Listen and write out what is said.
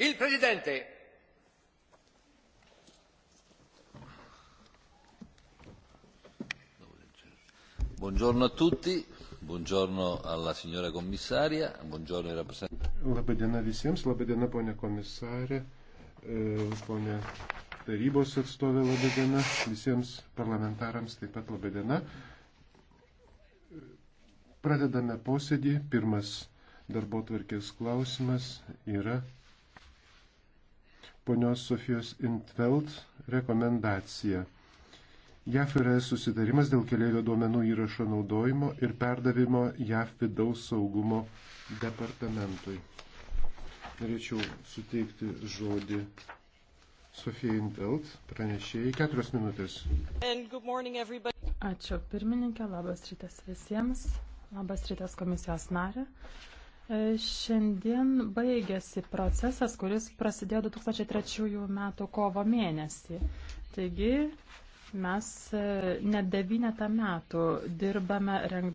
Il Presidente. Buongiorno a tutti, buongiorno alla signora commissaria, buongiorno ai rappresentanti. Labadiena visiems, labadiena ponė komisarė, e, ponė tarybos atstovė, labadiena visiems parlamentarams taip pat labadiena. Pradedame posėdį. Pirmas darbo tvarkės klausimas yra ponios Sofijos Intveld rekomendacija. JAF yra susidarimas dėl keliaivio duomenų įrašo naudojimo ir perdavimo JAF vidaus saugumo departamentui. Norėčiau suteikti žodį Sofija Intelt, pranešėjai, keturios minutės. Ačiū pirmininkė, labas rytas visiems, labas rytas komisijos narė. Šiandien baigėsi procesas, kuris prasidėjo 2003 metų kovo mėnesį. Taigi mes e, net devynetą metų dirbame rengdami.